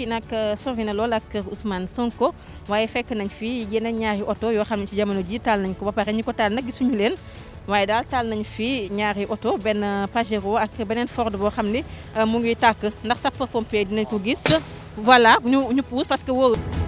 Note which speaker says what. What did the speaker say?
Speaker 1: bi nag euh, sori na lool ak kër Ousmane Sonko waaye fekk nañ fi yeneen ñaari oto yoo xam ne ci jamono ji taal nañ ko ba pare ñu ko taal nag gisuñu leen waaye daal taal nañ fi ñaari oto benn Pajero ak beneen Ford boo xam ne euh, mu ngi tàkk ndax sapeur pompier dinañ ko gis voilà ñu ñu parce que wóoru